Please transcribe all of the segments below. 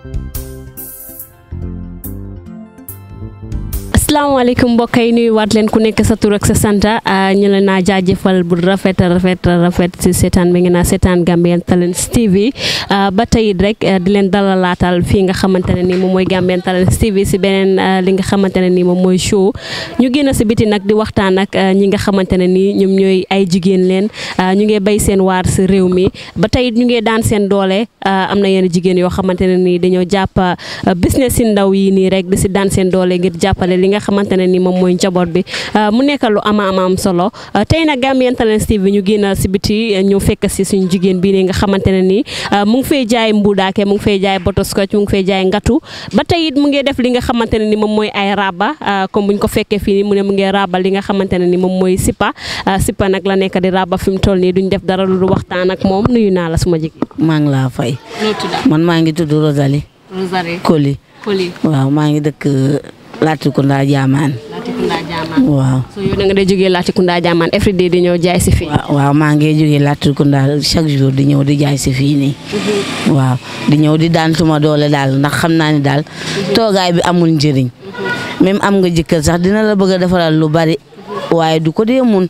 Thank you. asalaamaaleykum mbokk yi nuyu wat len ku nek sa tour ak sa santa ah, ñu la na jaajëfal bu rafet rafet rafet ci seetaan mi ngeen naa seetaan Gambian Talents TV ah, ba tay rek ah, di len dalalatal fi nga xamantene ni nii Gambian Talents TV ci benen li nga xamantene ni nii show ñu gëna ci biti nak di waxtaan nak ñi nga xamantene ni nii ñoy ay jigen len ñu ngi bay seen war ci rew mi ba tay ñu ngi daan seen doole amna jigen yo xamantene ni dañu japp business ndaw yi ni rek di ci daan seen doole ngir jappale li nga xamante ne ni moom mooy njaboot bi euh, mu nekk lu ama ama am solo euh, tey nag Gambian Talents TV ñu génn si biti ñu fekk si suñu jigéen bii nii nga xamante ne nii euh, mu ngi fay jaay mbuudaake mu ngi fay jaay botoscotch mu ngi fay jaay ngatu ba tey it mu li nga xamante ne ni moom mooy ay raba comme buñ ko fekkee fii nii mu ne mu ngi raba li nga xamante ne ni moom mooy sipa sipa nag la nekk di raba fi mu toll nii duñ def dara lu dul waxtaan ak moom nuyu naa la suma jigéen. maa ngi laa fay. man maa ngi tudd Rosalie. Rosalie Koli. Koli waaw maa ngi dëkk. Latrikunda Jaamaan. Latrikunda Jaamaan. waaw. soo yow da nga day jógee Latrikunda Jaamaan every day di ñëw jaay si fii. waaw maa ngi jógee Latrikunda chaque jour di ñëw di jaay si fii nii. Mm-hmm. waaw di ñëw di daan suma doole daal ndax xam naa ne daal. Mm-hmm. toogaay bi amul njëriñ. Mm-hmm. même am nga jëkkër sax dina la bëgg a defaral bari. waaye du ko dee mun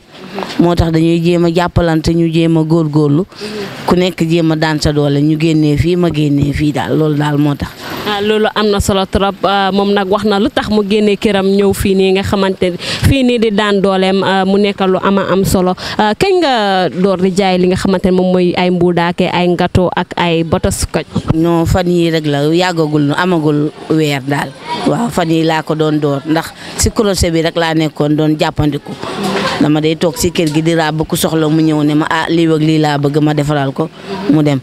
moo tax dañuy jéem a jàppalante ñu jéem a góorlu ku nekk jéem a daan sa doole ñu génnee fii ma génnee fii daal loolu daal moo tax. Ah, loolu am na solo trop ah, moom nag wax na lu tax mu génnee këram ñëw fii nii nga xamante fii nii di daan dooleem ah, mu nekk lu ama am solo kañ nga door di jaay li nga xamante ne moom mooy ay mbuudaake ay ngato ak ay bataskoj. non fan yi rek la yàggagul nu amagul weer daal waaw fan yii laa ko doon door ndax si crochet bi rek laa nekkoon doon jàppandiku ko dama day toog si kër gi di raab ku soxla mu ñëw ne ma ah lii wag lii laa bëgg ma defaral ko mu dem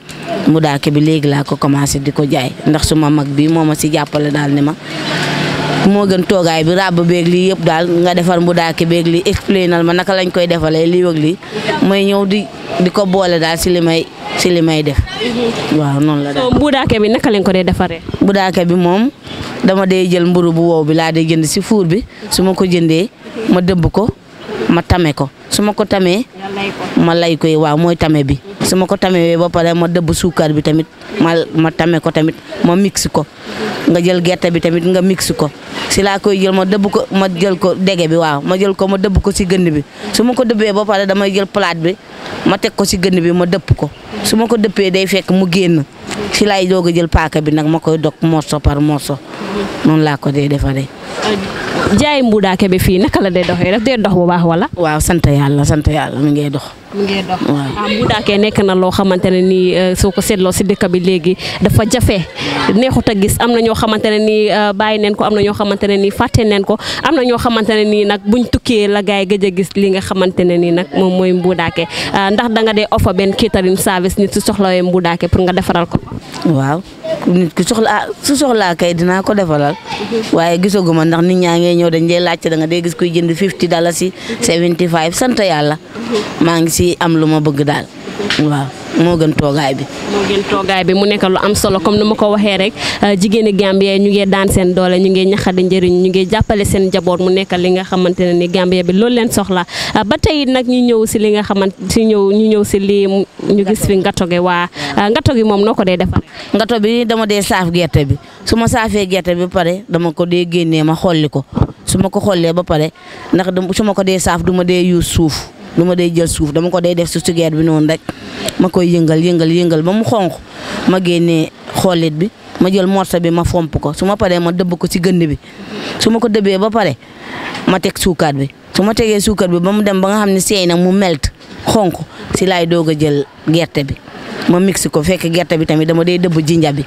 mu daake bi léegi laa ko commencé di ko jaay ndax su ma mag bi moo ma si jàppale daal ne ma moo gën toogaay bi ràbb beeg lii yëpp daal nga defar mu daake beeg lii explainal ma naka lañ koy defalee lii wëg lii may ñëw di di ko boole daal si li may si li may def mhm. waaw noonu la daal. bu daake bi naka lañ bi moom dama dee jël mburu bu wow bi laa dee jënd si fuur bi su ma ko jëndee ma dëbb ko ma tame ko su ma ko tamee ma lay koy waaw mooy tame bi sama ko tamé ba paré ma dëbb sukar bi tamit ma ma ko tamit ma mix ko nga jël gerte bi tamit nga mix ko si la koy jël ma dëbb ko ma jël ko dege bi waaw ma jël ko ma dëbb ko si gënd bi suma ko dëbbee ba paré damay jël plate bi ma teg ko ci gënd bi ma dëpp ko suma ko deppé day fekk mu génn si lay doga jël paaka bi nak ma koy dog morceau par morso non la ko dé défaré jaay ke bi fi nak la dé doxé daf dé dox bu baax wala. waaw sante yalla sante yalla mi ngi dox. mu ngi dox waaw ah, nekk na loo xamante ne nii euh, soo ko seetloo si dëkk bi léegi dafa jafe neexut a gis am na ñoo xamante ne nii euh, bàyyi neen ko am na ñoo xamante ne nii fàtte neen ko am na ñoo xamante ne nii nag buñ tukkee la gaay gëj a gis li nga xamante ne nii nag moom mooy mbudaakee euh, ndax da nga dee offer benn catering service nit su soxlawee mbuudaake pour nga defaral ko waaw nit ku soxla ah, su soxlaa kay dinaa ko defalal mm-hmm. waaye gisaguma ndax nit ñaa ngi ñëw dañ dee laajte da nga dee gis kuy jënd 50 dalasi 75 sant yàlla mm-hmm. si am lu ma bëgg daal waaw moo gën toogaay bi. moo gën toogaay bi mu nekk lu am solo comme ni ma ko waxee rek euh, jigéeni Gambie ñu ngi daan seen doole ñu ngi ñaxadi njëriñ ñu ngi jàppale seen njaboot mu nekk li nga xamante ne ni Gambie bi lool leen soxla euh, ba tey nag ñu ñëw si li nga xamante si ñëw ñu ñëw si lii ñu gis fi nga gi waa euh, ngato gi moom noo ko dee defar. ngato bi dama dee saaf gerte bi su ma saafee gerte bi pare dama ko dee génnee ma xolli ko su ma ko xollee ba pare ndax su ma ko dee lu ma day jël suuf dama ko day def si sugeer bi noonu rek ma koy yëngal yëngal yëngal ba mu xonq ma génnee xoolit bi ma jël morsa bi ma fomp ko su ma paree ma dëbb ko si gënd bi su ma ko dëbbee ba pare ma teg suukaat bi su ma tegee suukaat bi ba mu dem ba nga xam ne seey na mu melt xonq si laay doog a jël gerte bi ma mix ko fekk gerte bi tamit dama day dëbb jinja bi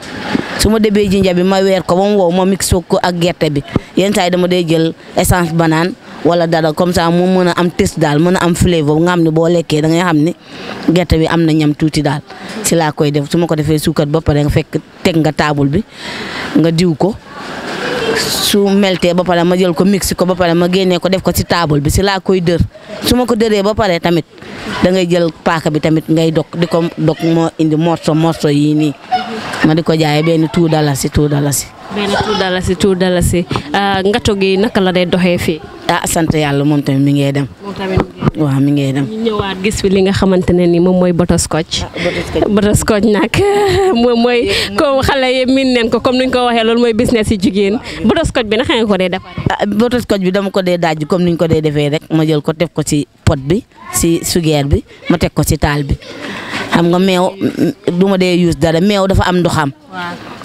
su ma dëbbee jinja bi ma weer ko ba mu wow ma mix ko ak gerte bi yenn saa dama day jël essence banaan wala dara comme sa mu mën a am test daal mën a am flavor nga xam ne boo lekkee da ngay xam ne gerte bi am na ñam tuuti daal si laa koy def su ma ko defee suukar ba pare nga fekk teg nga taabul bi nga diw ko su meltee ba pare ma jël ko mix ko ba pare ma génnee ko def ko si taabul bi si laa koy dër su ma ko dëree ba pare tamit da ngay jël paaka bi tamit ngay dog di ko dog moo indi morso morso yii nii ma di ko jaayee benn tout dalasi tout dalasi benn tuur dalasi tuur dalasi ah, ngato gi naka la day doxee fii. ah sant yàlla moom tamit mi ngi dem. tamit. waaw mi ngi dem ñu ñëwaat gis fi li nga xamante ne ni moom mooy butterscotch. Ah, butterscotch nag moom mooy comme xale yi miin neen ko comme ni ñu ko waxee loolu mooy business yi jigéen butterscotch bi naka nga ko dee defaree. ah butterscotch bi dama ko dee daaj comme ni ñu ko dee defee rek ma jël ko def ko ci pot bi ci sugeer bi ma teg ko si taal bi. xam nga meew mm, du ma dee use dara meew dafa am ndoxam.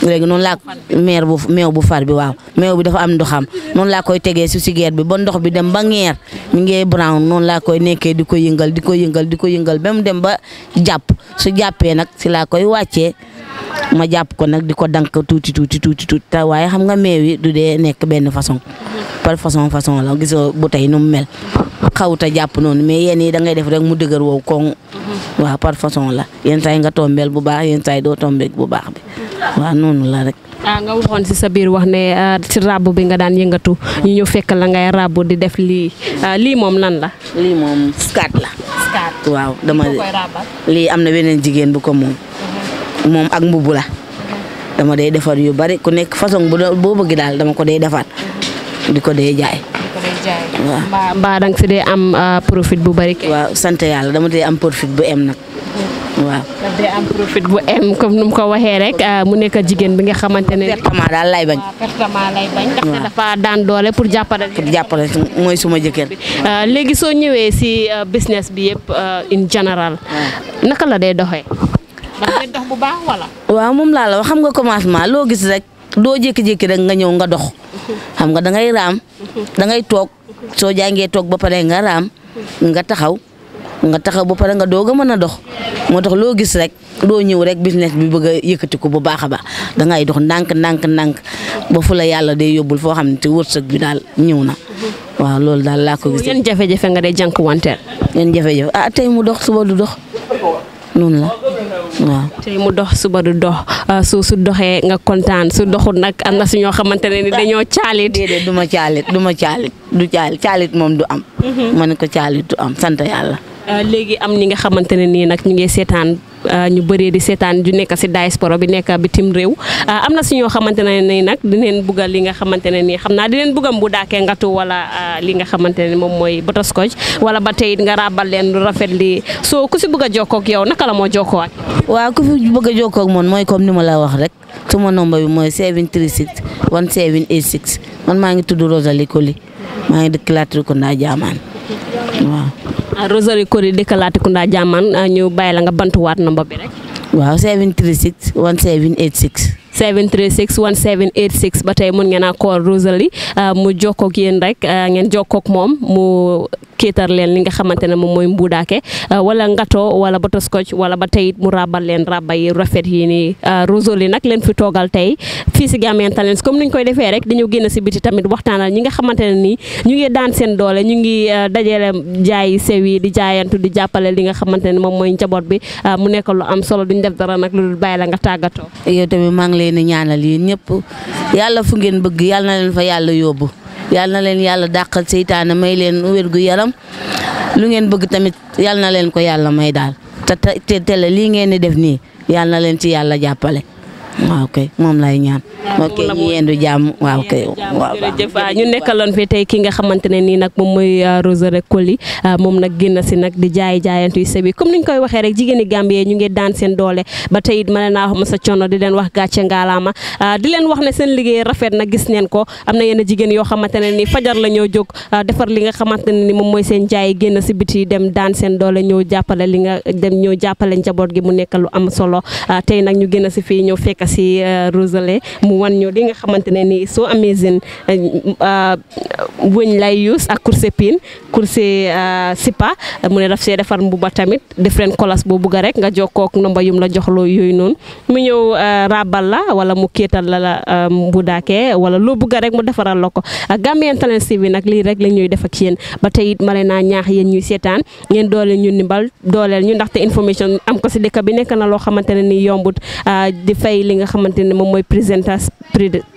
léegi noonu laa meer bu meew bu far bi waaw meew bi dafa am ndoxam noonu laa koy tegee su sugeer bi ba noonu laa koy nekkee di ko yëngal di ko yëngal di ko yëngal ba mu dem ba jàpp su jàppee nag si laa koy wàccee ma jàpp ko nag di ko dank tuuti tuuti tuuti tuuti te waaye xam nga meew du dee nekk benn façon par façon façon la gisoo bu tey nu mu mel xawta jàpp noonu mais yenn yi da ngay def rek mu dëgër wow koŋ waa par façon la yenn yi nga tombeel bu baax yenn saa doo tombeek bu baax bi waaw noonu la rek Ah, nga waxon si sa bir wax ne ah, ci rabu bi nga daan yëngatu ñu ñu fekk la ngay rabu di def li ah, li mom lan la li mom skat la skat waaw dama li amna na jigen bu ko mom mom mhm. ak mbubu la mhm. dama day defar yu bari ku nek façon bu bo bëgg dal dama ko day defar mhm. diko day jaay ba ba dang ci day am profit bu bari waaw sante yalla dama day am profit bu em nak waaw daf bu comme nu mu ko waxee rek euh, mu jigéen bi nga xamante ne. pertement daal lay bañ. dafa daan doole pour jàppale. pour jàppale mooy suma jëkkër. Euh, léegi soo ñëwee si euh, business bi yëpp in general. naka la day doxee. waaw moom laa la wax xam nga commencement loo gis rek doo jékki-jékki rek nga ñëw nga dox. xam nga da ngay raam. da ngay toog soo jàngee toog ba pare nga raam. nga taxaw. nga taxaw ba pare nga doog a mën a dox moo tax loo gis rek doo ñëw rek business bi bëgg a yëkkati ko bu baax a baax dangay dox ndànk ndànk ndànk ba fu la yàlla day yóbbul foo xam ne te wërsëg bi daal ñëw na waaw loolu daal laa ko jafe-jafe nga day jànkuwanteel. yan jafe-jafe ah tey mu dox suba du dox noonu la. waaw tey mu dox suba du dox ah, su su doxee nga kontaan su doxut nag am na su ñoo xamante ne ni dañoo caalit. déedéet du ma caalit du ma caalit du caalit caalit moom du am. Mhm. ma ne ko caalit du am sant yàlla. Euh, léegi am ñi nga xamante ne nii nag ñu ngi seetaan euh, ñu bëree di seetaan ju nekk si diaspora bi nekk bitim réew euh, am na si ñoo xamante ne nii nag dineen bugg a li nga xamante ne nii xam naa dineen bugg a bu daakee ngatu wala li nga xamante ne moom mooy botoscotch wala ba tey nga rabal leen lu rafet li soo ku si bëgg a jokkoo yow naka la moo jokkoo ak waaw ku fi bëgg a jokkoo mooy comme ni ma la wax rek suma nomba bi mooy 736 1786 man maa ngi tudd Rosalie Koli maa ngi dëkk Latrikunda Jaamaan waaw. Ah, Rosalie Kori dëkk Latrikunda Jaman ah, ñu bàyyi la nga bantu bantuwaat nomba bi rek. waaw 736 1786. 736 1786 ba tey mun ngeen a call Rosalie euh, mu jokkoo ak yéen rek euh, ngeen jokkook moom mu kéetar leen li nga xamante ne moom mooy mbuudaake euh, wala ngato wala butterscotch wala ba tey mu rabal leen raba yi rafet yi nii Rosalie nag leen fi toogal tey fii si Gambian Talents comme niñ koy defee rek dañu génn si biti tamit waxtaanal ñi nga xamante ne nii ñu ngi daan seen doole ñu ngi dajale jaay sew yi di jaayantu di jàppale li nga xamante ne moom mooy njaboot bi mu nekk lu am solo duñ def dara nag lu dul bàyyi la nga tàggatoo leen ñaanal ñëpp yàlla fu ngeen bëgg yàlla na leen fa yàlla yóbbu yàlla na leen yàlla dàqal seytaane may leen wér yaram lu ngeen bëgg tamit yàlla na leen ko yàlla may daal te te tele lii ngeen di def nii yàlla na leen ci yàlla jàppale. waaw kay moom lay ñaan. waaw kay ñu jàmm waaw kay. waaw ah, ñu nekkaloon fi tey kii nga xamante ne nii nag moom mooy ah, Rose Coly ah, moom nag génn si nag di jaay jaayantu yu sëb yi comme ni ñu koy waxee rek jigéeni Gambie ñu ngee daan seen doole ba tey it mën naa wax di leen wax gàcce ngaalaama di leen wax ne seen liggéey rafet na gis neen ko am na yenn jigéen yoo xamante ne nii fajar la ñoo jóg defar li nga xamante ne ni moom mooy seen jaay génn si biti dem daan seen doole ñoo jàppale li nga dem ñoo jàppale njaboot gi mu nekk lu am solo tey nag ñu génn si eh, Rosalie mu wan ñu li nga xamantene ni so amazing eh, eh, wëñ lay use ak course pin course sipa mu ne daf mubatamit, defar mbuba tamit different colors bu ga rek nga ak nomba yum la jox lo yoy non mu ñew rabal la wala mu kétal la la bu daakee wala bu ga rek mu défaral lako ko Gambian Talents TV nak li rek la ñuy def ak yeen ba it ñaax yeen ñuy sétane ngeen ñun ni bal ñu information am ko ci dëkk bi nek na lo xamantene ni yombut di fay li nga xamante ne moom mooy présentation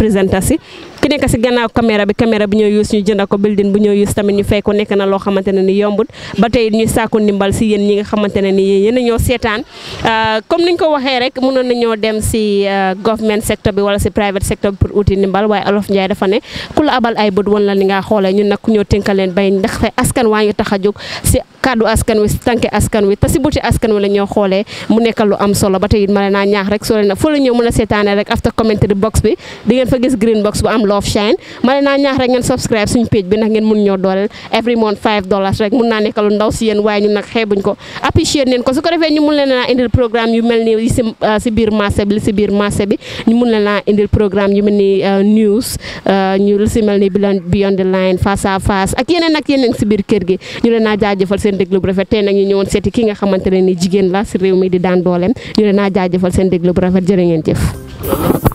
présentation ki nek gana gannaaw caméra bi caméra bi ñoy ñu jënd ko building bu ñoy use tamit ñu fay ko nek na lo xamantene ni yombut ba tay ñu saaku nimbal si yeen ñi nga xamantene ni yeen ñoo sétane euh comme niñ ko waxé rek mënon nañu dem ci euh, government sector bi wala si private sector pour uti nimbal way alof ndjay dafa ne kul abal ay bët won la li nga xolé ñun nak ñoo bay ndax fay askan waa ngi si askan wi si askan wi te buti askan wala ñoo xolé mu nekkal lu am solo ba tay it ma ñaax rek so leena fa la ñew mëna sétane rek after commentary box bi di ngeen fa gis green box bu am Love Shine mané na ñaax rek ngeen subscribe suñu page bi nak ngeen mun ñoo dooleel every month 5 dollars rek mun naa nekkalu ndaw si way waaye ñun nag xeebuñ ko apprécier neen ko su ko défé ñu mun leen naa indil programme yu melni ci ah, si biir marché bi ci si biir marché bi ñu mun leen naa indil programme yu melni ah, news ah, ñu li si beyond the line face à face ak yeneen ak yeneen ci biir kër gi ñu leen naa jaajëfal seen déglu bu rafet té nak ñu ñëwon séti ki nga xamante ni jigen la ci réew mi di daan doolem ñu leen naa jaajëfal seen déglu bu rafet jërë ngeen jëf